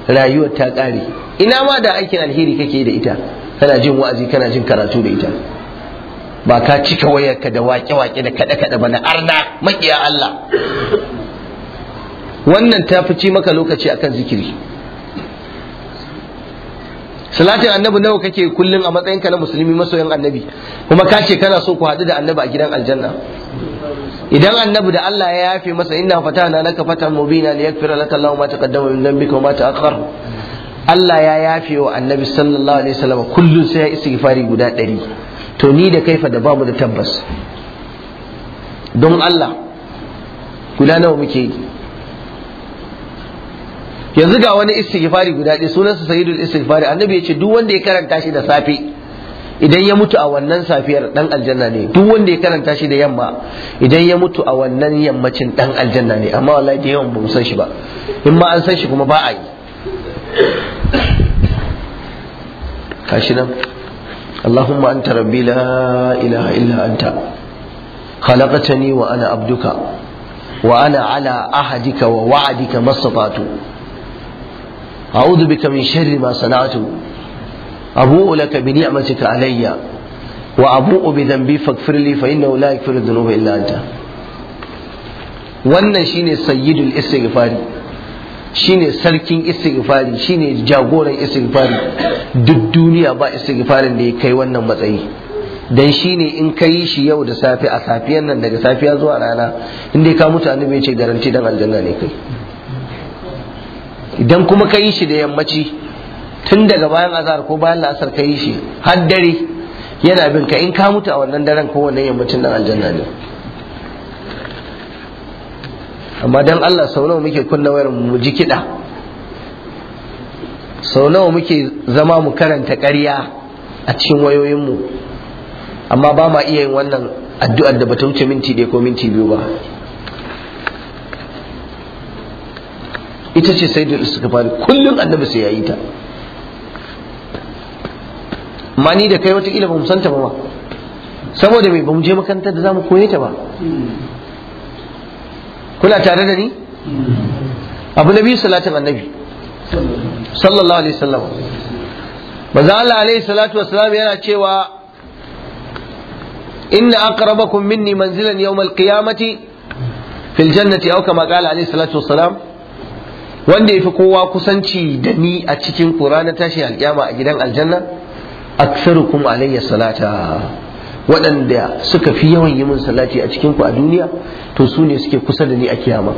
Speaker 1: rayuwar ta kare ina ma da aikin alheri kake da ita kana jin wa'azi kana jin karatu da ita ba ka cika wayarka da waƙe-waƙe da kaɗe-kaɗe ba na arna makiya Allah wannan ta fi ci maka lokaci akan zikiri salatin annabi nawa kake kullum a matsayinka na musulmi masoyin annabi kuma ka ce kana so ku haɗu da annabi a gidan aljanna idan annabi da Allah ya yafe masa inna fatana laka fatan mubina li yaghfira laka Allahu ma taqaddama min dhanbika wa ma ta'akhkhar Allah ya yafe wa annabi sallallahu alaihi wasallam kullum sai ya istighfari guda ɗari to ni da kaifa da babu da tabbas don Allah guda nawa muke yi yanzu ga wani istighfari guda ɗaya sunansa sayyidul istighfari annabi ya ce duk wanda ya karanta shi da safe idan ya mutu a wannan safiyar dan aljanna ne duk wanda ya karanta shi da yamma idan ya mutu a wannan yammacin dan aljanna ne amma wallahi da yawan bamu san shi ba in ma an san shi kuma ba a yi kashi nan Allahumma anta rabbi la ilaha illa anta khalaqtani wa ana abduka wa ana ala ahadika wa wa'adika mastata'tu أعوذ بك من شر ما صنعت أبوء لك بنعمتك علي وأبوء بذنبي فاغفر لي فإنه لا يغفر الذنوب إلا أنت wannan shine sayyidul istighfari shine sarkin istighfari shine jagoran istighfari duk duniya ba istighfarin da ya kai wannan matsayi dan shine in ka shi yau da safe a safiyan nan daga safiya zuwa rana inda dai ka mutu annabi ya ce garanti dan aljanna ne kai idan kuma ka yi shi da yammaci tun daga bayan azhar ko bayan la'asar ka yi shi har dare yana bin ka in ka mutu a wannan daren ko wannan yammacin nan aljanna ne amma dan Allah sau nawa muke kunna wayar mu ji kiɗa sau nawa muke zama mu karanta ƙarya a cikin wayoyinmu amma ba ma iya yin wannan addu'ar da bata wuce minti ɗaya ko minti biyu ba ita ce sai da istighfari kullum annabi sai yayi ta mani da kai wataƙila ba mu santa ba saboda me ba mu je makarantar da za mu koye ta ba kuna tare da ni abu na biyu salatin annabi sallallahu alaihi wasallam manzo Allah alaihi salatu wasallam yana cewa inna aqrabakum minni manzilan yawm al-qiyamati fil jannati aw kama qala alaihi salatu wasallam wanda ya fi kowa kusanci da ni a cikin kura na tashi alƙyama a gidan aljanna aktsarukum alayya salata waɗanda suka fi yawan yi min salati a cikin ku a duniya to su ne suke kusa da ni a kiyama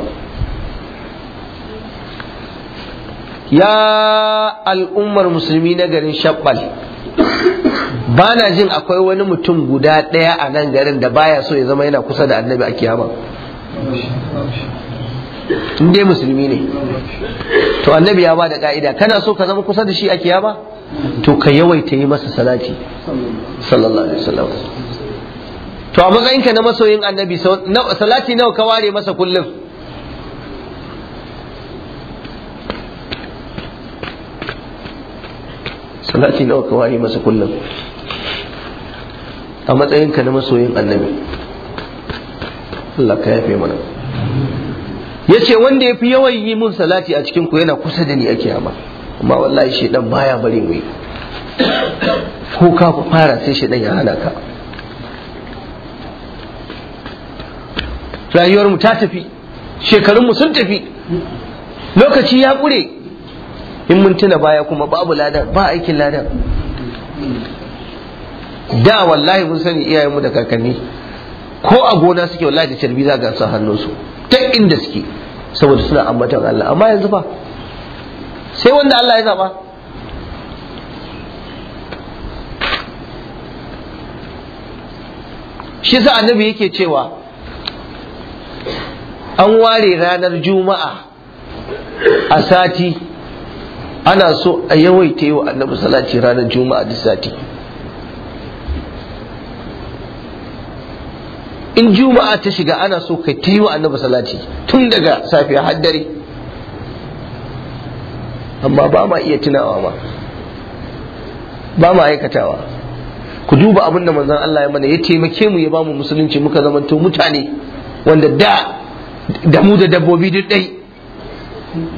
Speaker 1: ya al'ummar musulmi na garin shabbal ba na jin akwai wani mutum guda ɗaya a nan garin da baya so ya zama yana kusa da annabi a kiyama in dai musulmi ne to annabi ya bada ka'ida kana so ka zama kusa da shi a kiyama to ka yawaita yi masa salati sallallahu alaihi wasallam to a matsayinka na masoyin annabi salati nawa ka ware masa kullum salati nawa ka ware masa kullum a matsayinka na masoyin annabi Allah ka yafe mana ya ce wanda ya fi yawan yi mun salati a cikin ku yana kusa da ni a kiyama amma wallahi shi dan baya bari mu
Speaker 2: ko ka fara sai dan ya hana ka
Speaker 1: rayuwar mu ta tafi shekarun mu sun tafi lokaci ya kure in mun tuna baya kuma babu ladan ba aikin ladan da wallahi mun sani iyayenmu da kakanni ko a gona suke wallahi da carbi za ga su ta inda suke saboda suna ambatan Allah amma yanzu fa sai wanda Allah ya zaba shi sa annabi yake cewa an ware ranar juma'a
Speaker 2: a sati
Speaker 1: ana so a yawaita yi wa annabi salati ranar juma'a da sati in juma'a ta shiga ana so kai ta yi wa annabi salati tun daga safiya har dare amma ba ma iya tunawa ma ba ma aikatawa ku duba abin da manzon Allah ya mana ya taimake mu ya bamu musulunci muka to mutane wanda da da mu da dabbobi duk dai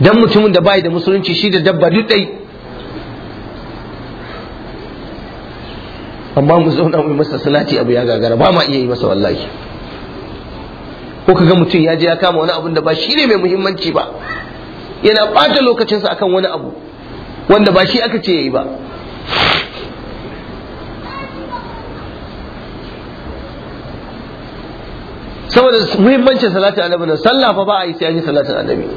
Speaker 1: dan mutumin da bai da musulunci shi da dabba duk dai amma mu zauna mu masa salati abu ya gagara ba ma iya yi masa wallahi ko kaga mutum ya je ya kama wani abun da ba shi ne mai muhimmanci ba yana ɓata lokacinsa akan wani abu wanda ba shi aka ce ya yi ba saboda muhimmancin salatin annabi nan sallah fa ba a yi sai an yi salatin annabi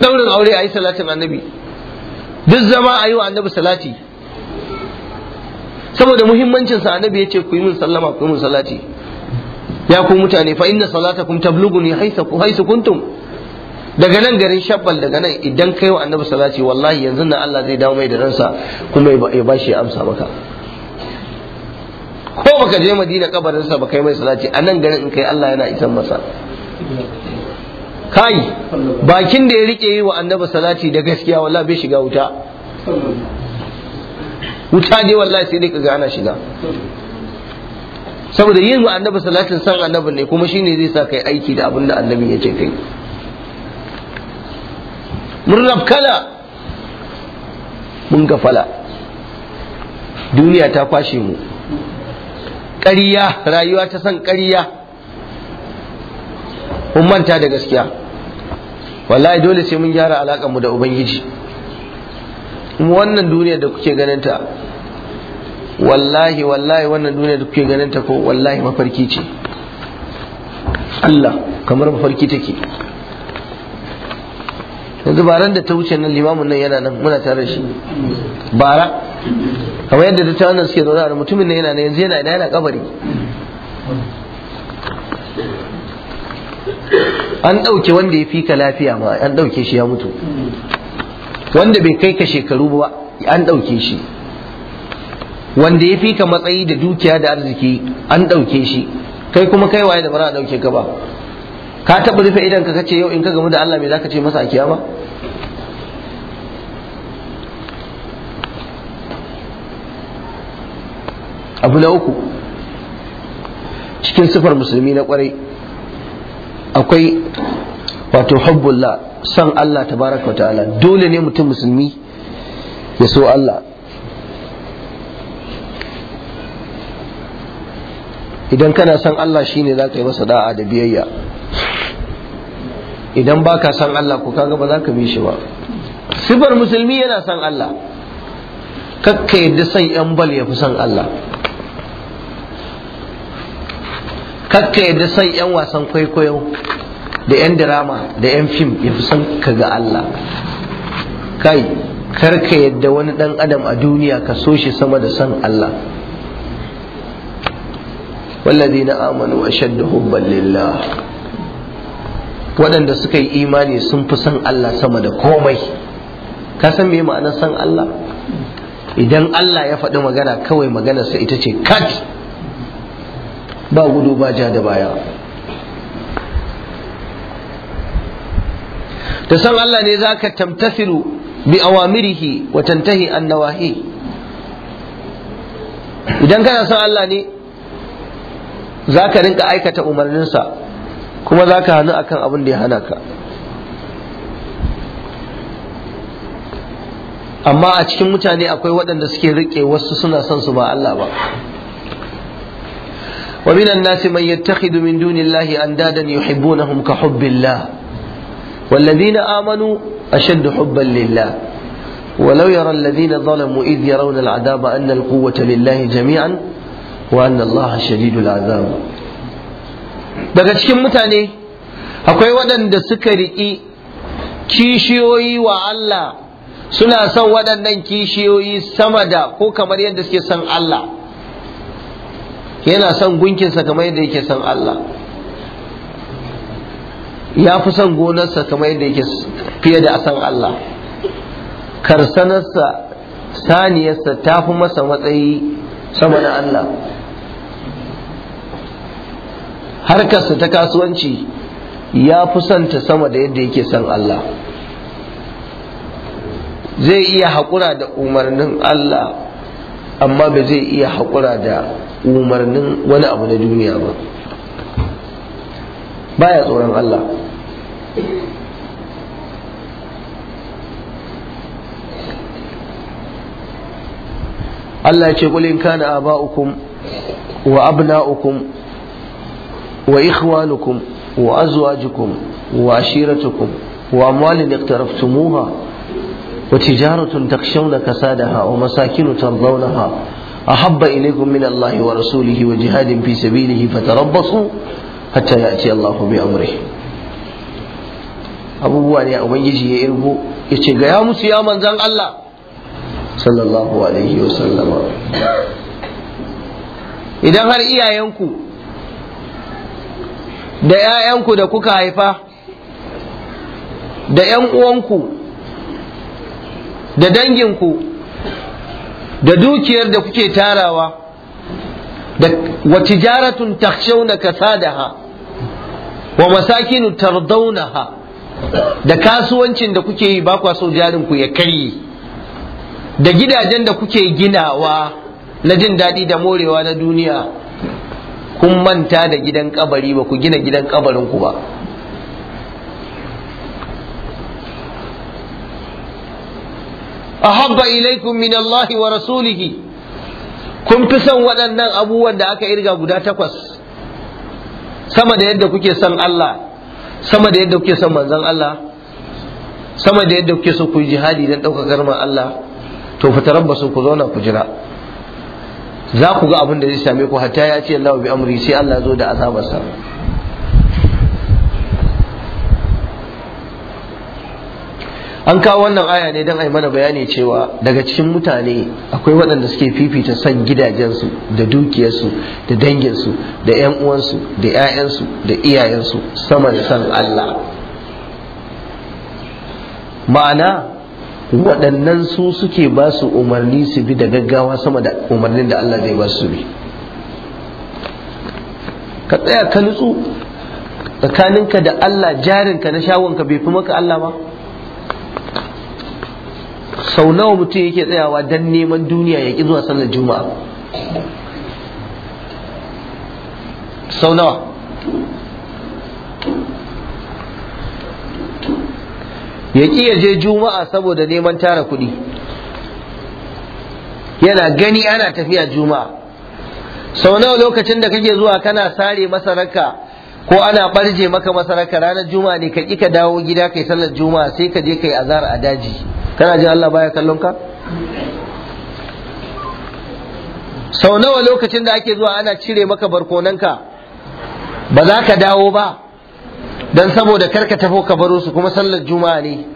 Speaker 1: daurin aure a yi salatin annabi duk zama a yi wa annabi salati saboda muhimmancinsa annabi ya ce ku yi min sallama ku yi min salati ya ku mutane fa inna salatakum tablughuni haythu kuntum daga nan garin shabbal daga nan idan kai wa annabi salati wallahi yanzu nan Allah zai dawo mai da ransa kuma ya bashi amsa maka ko baka je madina kabarinsa ba kai mai salati a nan garin in kai Allah yana isan masa kai bakin da ya rike yi wa annabi salati da gaskiya wallahi bai shiga wuta wuta je wallahi sai dai ka ga ana shiga saboda yin wa annabi salatin san annabi ne kuma shine zai sa kai aiki da abin da annabi ya ce kai mun kala mun gafala duniya ta kwashe mu ƙariya rayuwa ta san ƙariya mun manta da gaskiya wallahi dole sai mun gyara alaƙar mu da ubangiji wannan duniya da kuke ganinta. wallahi wallahi wannan duniya da kuke ganin ta ko wallahi mafarki ce Allah kamar mafarki take yanzu baran da ta wuce nan limamin nan yana nan muna tare da shi bara kamar yadda ta wannan suke zaune da mutumin nan yana nan yanzu yana yana kabari an ɗauke wanda ya fi ka lafiya ma an ɗauke shi ya mutu wanda bai kai ka shekaru ba an ɗauke shi wanda ya fi ka matsayi da dukiya da arziki an ɗauke shi kai kuma kai waye da ba za a ɗauke ka ba ka taɓa rufe idan ka kace yau in ka gamu da Allah me zaka ce masa a kiyama abu na uku cikin sifar musulmi na kwarai akwai wato hubbullah son Allah tabaraka wa ta'ala dole ne mutum musulmi ya so Allah idan kana san Allah shi ne za ka yi masa da'a da biyayya idan ba ka son Allah ko kaga ba za ka bi shi ba sifar musulmi yana son Allah kakka yadda son yan bal ya fi son Allah kakka yadda son yan wasan kwaikwayo da yan drama da yan fim ya fi son ka ga Allah kai karka yadda wani dan adam a duniya ka so shi sama da san Allah والذين آمنوا أشد حبا لله waɗanda suka yi imani sun fi son Allah sama da komai ka san me ma'anar son Allah idan Allah ya faɗi magana kawai maganarsa ita ce kat ba gudu ba ja da baya da san Allah ne za ka tamtathilu bi awamirihi wa tantahi an nawahi idan kana san Allah ne za ka rinka aikata umarninsa kuma za ka hannu akan abin da ya hana ka amma a cikin mutane akwai waɗanda suke riƙe wasu suna son su ba Allah ba wa minan nasi man yattakhidhu min dunillahi andadan yuhibbunahum ka hubbillah والذين آمنوا أشد حبا لله ولو zalamu الذين ظلموا إذ يرون العذاب أن القوة lillahi jami'an. wa anna Allah shadidul azab daga cikin mutane akwai waɗanda suka riƙi kishiyoyi wa Allah suna son waɗannan kishiyoyi sama da ko kamar yadda suke son Allah yana son gunkinsa kamar yadda yake son Allah ya fi son gonarsa kamar yadda yake fiye da san Allah karsanarsa saniyarsa ta fi masa matsayi sama da Allah harkarsa ta kasuwanci ya fi son ta sama da yadda yake son Allah zai iya haƙura da umarnin Allah amma ba zai iya haƙura da umarnin wani abu na duniya ba baya tsoron Allah Allah ce kulin kana aba'ukum wa abna'ukum وإخوانكم وأزواجكم وعشيرتكم وأموال اقترفتموها وتجارة تخشون كسادها ومساكن ترضونها أحب إليكم من الله ورسوله وجهاد في سبيله فتربصوا حتى يأتي الله بأمره abubuwa ne a ubangiji ya irgo ya ce gaya musu ya manzan Allah sallallahu alaihi wa sallama idan har iyayenku da 'ya'yanku da kuka haifa da 'yan uwanku da danginku da dukiyar da kuke tarawa da wa tijaratun takshawna kasadaha wa masakinu tardawnaha da kasuwancin da kuke yi ba kwa so jarinku ya karye da gidajen da kuke ginawa na jin daɗi da morewa na duniya kun manta da gidan kabari ba ku gina gidan kabarin ku ba ahabba ilaikum min Allahi wa rasulihi kun fi son waɗannan abubuwan da aka irga guda takwas sama da yadda kuke son Allah sama da yadda kuke son manzon Allah sama da yadda kuke so ku jihadi don ɗaukakar garman Allah to su ku zauna ku jira za ku ga abin da zai same ku hatta ya ce Allah bi amri sai Allah zo da azabarsa an kawo wannan aya ne don a yi mana bayani cewa daga cikin mutane akwai waɗanda suke fifita son gidajensu da dukiyarsu da danginsu da 'yan uwansu da 'ya'yansu da iyayensu sama da son Allah ma'ana waɗannan su suke ba su umarni su bi da gaggawa sama da umarnin da Allah zai ba su bi ka tsaya ka nutsu tsakaninka da Allah jarinka na shawonka bai fi maka Allah ba sau nawa mutum yake tsayawa don neman duniya ya ƙi zuwa sallar juma'a sau nawa ya ƙi ya je juma'a saboda neman tara kuɗi yana gani ana tafiya juma'a sau nawa lokacin da kake zuwa kana sare masararka ko ana ɓarje maka masararka ranar juma'a ne ka ƙi ka dawo gida kai sallar juma'a sai ka je kai azar a daji kana jin Allah baya kallon ka sau nawa lokacin da ake zuwa ana cire maka barkonanka ba za ka dawo ba dan saboda kar ka tafo ka baro su kuma sallar juma'a ne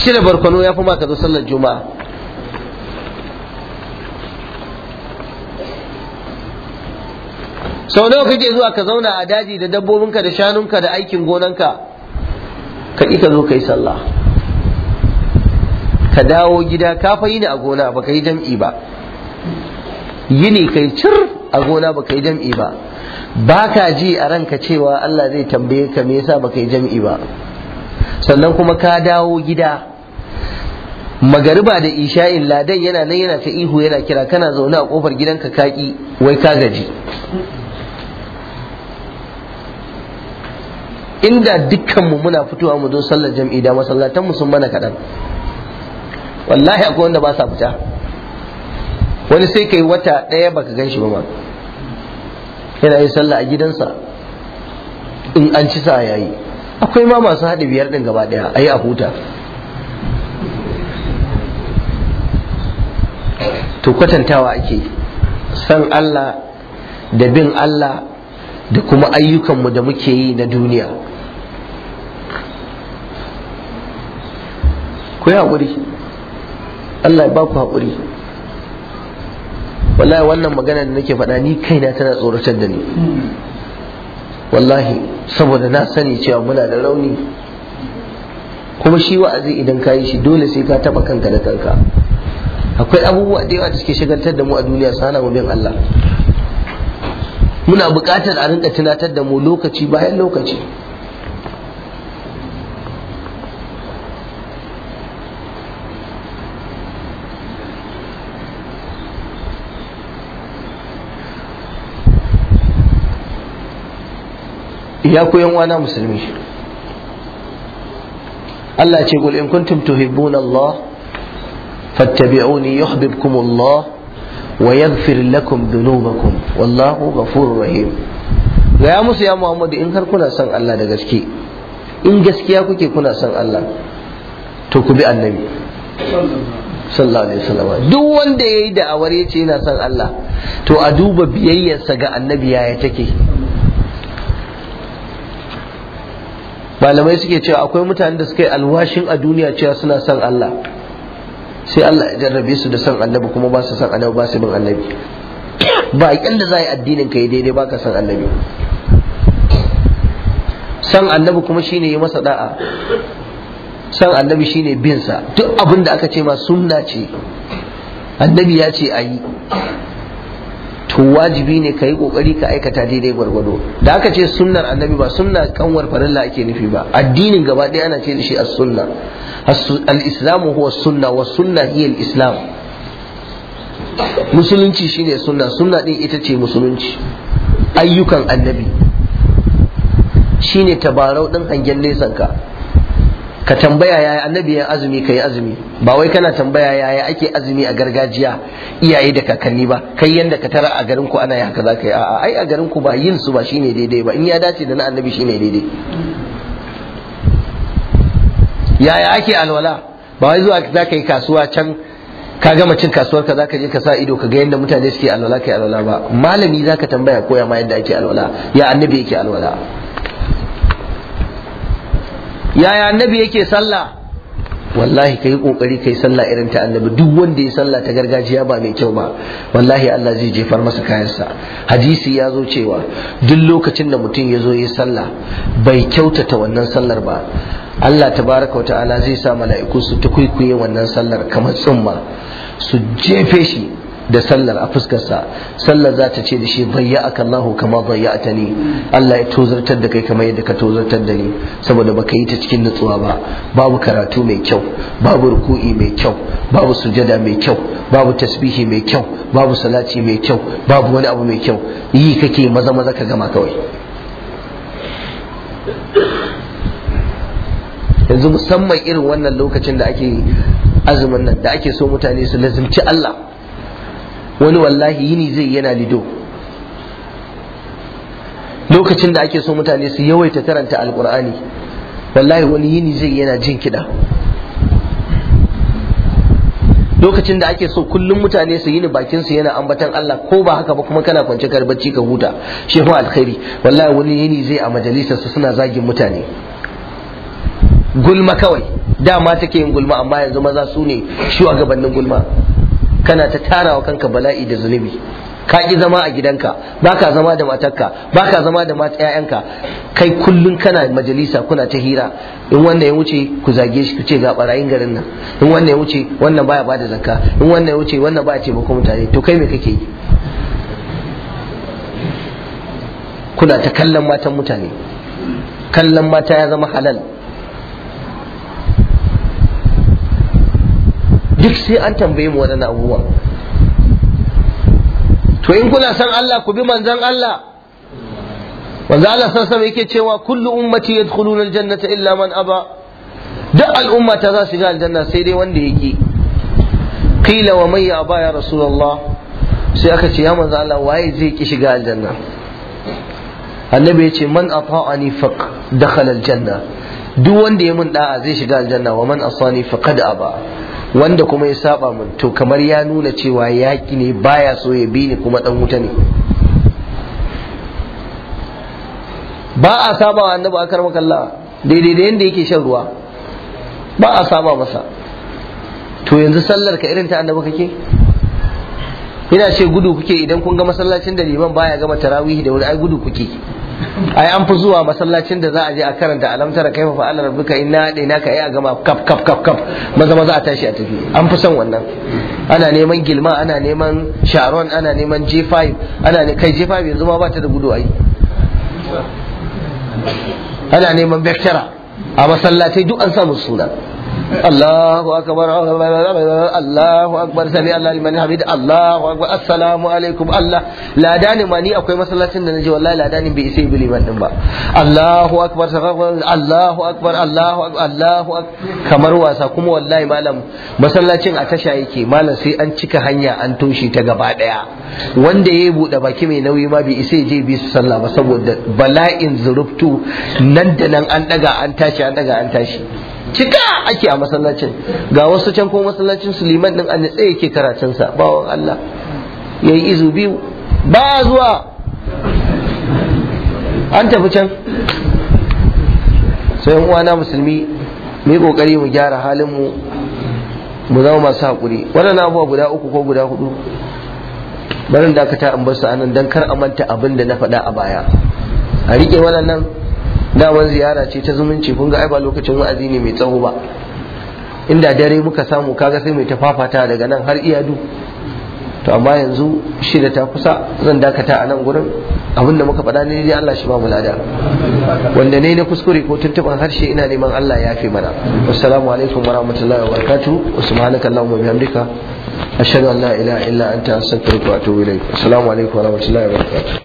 Speaker 1: cire barkono ya fi ma ka zo sallar juma'a sau nawa kake zuwa ka zauna a daji da dabbobinka da shanunka da aikin gonanka ka ƙi ka zo ka yi sallah ka dawo gida ka fa yini a gona ba ka yi jam'i ba yini kai cir a gona ba ka yi jam'i ba ba ka ji a ranka cewa Allah zai tambaye ka me yasa baka yi jam'i ba sannan kuma ka dawo gida magariba da isha'in ladan yana nan yana ta ihu yana kira kana zaune a kofar gidanka kaki wai ka gaji inda dukkanmu muna fitowa mu zo sallar jam'i da masallatan mu sun mana kaɗan wallahi akwai wanda ba sa fita wani sai kai wata ɗaya baka gan shi ba ma yana yin sallah a gidansa in an ci sa yayi akwai ma masu haɗa biyar ɗin gaba ɗaya a yi a huta to kwatantawa ake san Allah da bin Allah da kuma ayyukanmu da muke yi na duniya ku yi haƙuri Allah ya ba ku haƙuri wallahi wannan magana da nake faɗa ni kaina tana tsoratar da ni wallahi saboda na sani cewa muna da rauni kuma shi wa'azi idan ka yi shi dole sai ka taba kanka da kanka akwai abubuwa da yawa da suke shagaltar da mu a duniya sana mu bin Allah muna buƙatar a rinka tunatar da mu lokaci bayan lokaci ya ku yan wana musulmi Allah ce qul in kuntum tuhibbuna Allah fattabi'uni yuhibbukum Allah wa yaghfir lakum dhunubakum wallahu ghafurur rahim ga ya musu ya Muhammadu in har kuna son Allah da gaske in gaskiya kuke kuna son Allah to ku bi annabi sallallahu alaihi wasallam duk wanda yayi da'awar yace yana son Allah to a duba biyayyarsa ga annabi yaya take malamai suke cewa akwai mutanen da suka yi alwashin a duniya cewa suna son Allah sai Allah ya jarrabe su da son annabi kuma ba su son annabi ba su bin annabi ba da za yi addinin ka yi daidai ba ka son annabi son annabi kuma shine yi masa da'a son annabi shine bin sa duk abin da aka ce ma sunna ce annabi ya ce a yi to wajibi ne ka yi kokari ka aikata daidai gwargwado da aka ce sunnar annabi ba sunna kanwar farilla ake nufi ba addinin gaba ɗaya ana ce da shi as sunna al islamu huwa sunna wa sunna hiya al islam musulunci shine sunna sunna din ita ce musulunci ayyukan annabi shine tabarau din hangen nesan ka ka tambaya yaya annabi ya azumi ka azumi ba wai kana tambaya yaya ake azumi a gargajiya iyaye da kakanni ba kai yanda ka tara a garin ku ana yi haka zaka yi a'a ai a garin ku ba yin su ba shine daidai ba in ya dace da na annabi shine daidai yaya ake alwala ba wai zuwa zaka yi kasuwa can ka gama cin kasuwar ka zaka je ka sa ido ka ga yadda mutane suke alwala kai alwala ba malami zaka tambaya koya ma yadda ake alwala ya annabi yake alwala yaya annabi yake sallah wallahi kai kokari kai sallah irin ta annabi duk wanda ya sallah ta gargajiya ba mai kyau ba wallahi Allah zai jefar masa kayan sa hadisi ya zo cewa duk lokacin da mutum ya zo ya sallah bai kyautata wannan sallar ba Allah tabaraka wa ta'ala zai sa mala'iku su ta kwaikwaye wannan sallar kamar tsumma su jefe shi da sallar a fuskarsa sallar za ta ce da shi bayya'aka Allahu kama ta ni Allah ya tozartar da kai kamar yadda ka tozartar da ni saboda baka yi ta cikin nutsuwa ba babu karatu mai kyau babu ruku'i mai kyau babu sujada mai kyau babu tasbihi mai kyau babu salati mai kyau babu wani abu mai kyau yi kake maza maza ka gama kawai yanzu musamman irin wannan lokacin da ake azumin nan da ake so mutane su lazimci Allah wani wallahi yini zai yana lido lokacin da ake so mutane su yawaita karanta alkur'ani wallahi wani yini zai yana jin kiɗa lokacin da ake so kullum mutane su yini bakin su yana ambatan Allah ko ba haka ba kuma kana kwance kar bacci ka huta shehu alkhairi wallahi wani yini zai a majalisar su suna zagin mutane gulma kawai dama take yin gulma amma yanzu maza su ne shugabannin gulma kana ta tarawa kanka bala'i da zunubi ka ki zama a gidanka ba ka zama da matarka ba ka zama da mata ƴaƴanka kai kullum kana majalisa kuna ta hira in wannan ya wuce ku zage shi ku ce ga barayin garin nan in wannan ya wuce wannan baya bada zakka in wannan ya wuce wannan baya ce ba mutane to kai me kake yi kuna ta kallon matan mutane kallon mata ya zama halal duk sai an tambaye mu waɗannan abubuwan to in kuna san Allah ku bi manzon Allah manzon Allah sallallahu alaihi yake cewa kullu ummati yadkhuluna aljannata illa man aba duk al'umma ta za su shiga aljanna sai dai wanda yake qila wa may aba ya rasulullah sai aka ce ya manzon Allah waye zai ki shiga aljanna annabi ya ce man ata'ani faq dakhala aljanna duk wanda ya mun da'a zai shiga aljanna wa man asani faqad aba wanda kuma ya saba min to kamar ya nuna cewa yaki ne baya so ya bi ni kuma dan wuta ne ba a saba wa annabi akar makalla daidai da yanda yake shan ruwa ba a saba masa to yanzu sallar ka irin ta annabi kake ina ce gudu kuke idan kun ga masallacin da liman baya gama tarawih da wuri ai gudu kuke ai an fi zuwa masallacin da za a je a karanta alamtara kaifa fa Allah rabbuka inna adaina ka ai a gama kaf kaf kaf kap maza maza a tashi a tafi an fi son wannan ana neman gilma ana neman sharon ana neman J5 ana ne kai J5 yanzu ma ba ta da gudu ai ana neman vectora a masallatai duk an samu suna الله أكبر الله أكبر سمي الله لمن حميد الله أكبر السلام عليكم الله لا داني ماني أكوي مسألة نجي والله لا داني بإسي بلي من الله أكبر الله أكبر الله أكبر الله أكبر kamar wasa kuma wallahi malam masallacin a tasha yake malam sai an cika hanya an toshe ta gaba daya wanda ya buɗe baki mai nauyi ma bai isa je bi su sallah ba saboda bala'in zurubtu nan da nan an daga an tashi an daga an tashi cika ake a masallacin ga wasu can ko masallacin suliman din an tsaye yake karatun sa. bawan Allah yayi izu biyu ba zuwa an tafi can sai uwana musulmi mu kokari mu gyara halin mu mu zama masu hakuri wannan abuwa guda uku ko guda hudu barin dakata in bar su anan dan kar a manta abin da na faɗa a baya a riƙe waɗannan daman ziyara ce ta zumunci kun ga ai ba lokacin wa'azi ne mai tsawo ba inda dare muka samu kaga sai mai tafafata daga nan har iyadu to amma yanzu shida ta kusa zan dakata a nan gurin abinda muka faɗa ne dai Allah shi ba mu lada wanda ne na kuskure ko tuntuban harshe ina neman Allah ya fi mana assalamu alaikum wa rahmatullahi wa barakatuh subhanaka allahumma bihamdika ashhadu an la ilaha illa anta astaghfiruka wa atubu ilaik assalamu alaikum wa rahmatullahi wa barakatuh